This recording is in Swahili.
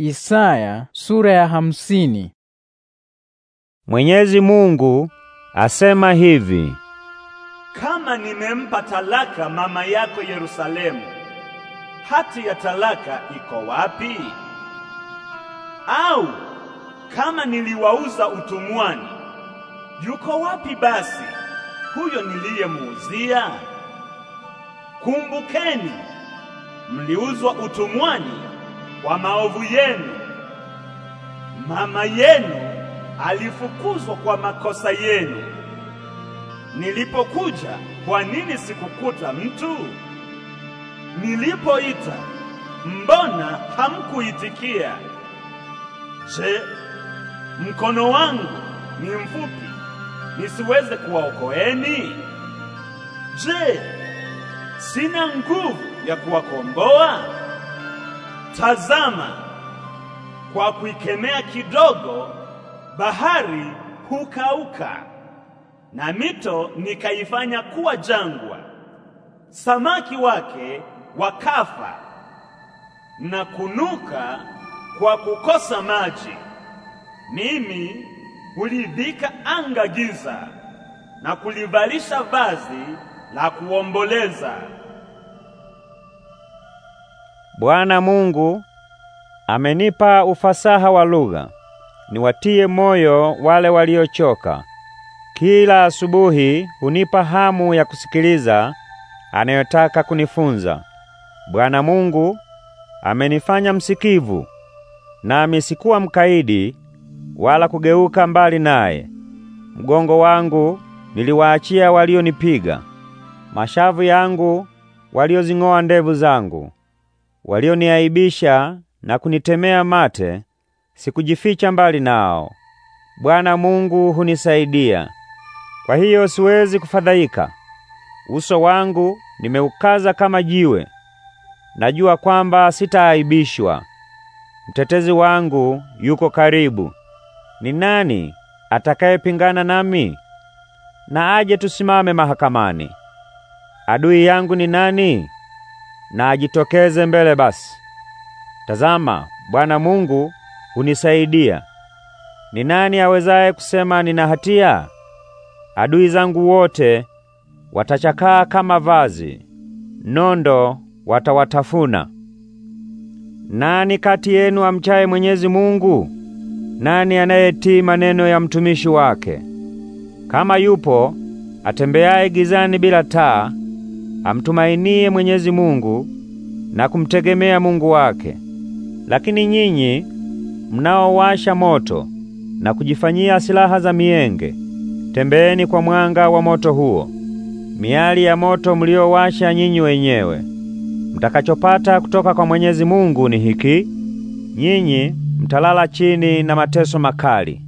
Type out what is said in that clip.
Isaya sura ya hamsini. Mwenyezi Mungu asema hivi: kama nimempa talaka mama yako Yerusalemu, hati ya talaka iko wapi? Au kama niliwauza utumwani, yuko wapi basi huyo niliyemuuzia? Kumbukeni, mliuzwa utumwani kwa maovu yenu. Mama yenu alifukuzwa kwa makosa yenu. Nilipokuja, kwa nini sikukuta mtu? Nilipoita, mbona hamkuitikia? Je, mkono wangu ni mfupi nisiweze kuwaokoeni? Je, sina nguvu ya kuwakomboa? Tazama, kwa kuikemea kidogo bahari hukauka na mito nikaifanya kuwa jangwa, samaki wake wakafa na kunuka kwa kukosa maji. Mimi hulivika anga giza na kulivalisha vazi la kuomboleza. Bwana Mungu amenipa ufasaha wa lugha, niwatie moyo wale waliochoka. Kila asubuhi hunipa hamu ya kusikiliza anayotaka kunifunza. Bwana Mungu amenifanya msikivu, nami sikuwa mkaidi wala kugeuka mbali naye. Mgongo wangu niliwaachia walionipiga, mashavu yangu waliozing'oa ndevu zangu. Walioniaibisha na kunitemea mate, sikujificha mbali nao. Bwana Mungu hunisaidia, kwa hiyo siwezi kufadhaika. Uso wangu nimeukaza kama jiwe, najua kwamba sitaaibishwa. Mtetezi wangu yuko karibu. Ni nani atakayepingana nami? Na aje tusimame mahakamani. Adui yangu ni nani? na ajitokeze mbele basi. Tazama, Bwana Mungu hunisaidia. Ni nani awezaye kusema nina hatia? Adui zangu wote watachakaa kama vazi, nondo watawatafuna. Nani kati yenu amchaye Mwenyezi Mungu? Nani anayetii maneno ya mtumishi wake? Kama yupo atembeaye gizani bila taa, amtumainie Mwenyezi Mungu na kumtegemea Mungu wake. Lakini nyinyi mnaowasha moto na kujifanyia silaha za mienge, tembeeni kwa mwanga wa moto huo, miali ya moto mliowasha nyinyi wenyewe. Mtakachopata kutoka kwa Mwenyezi Mungu ni hiki: nyinyi mtalala chini na mateso makali.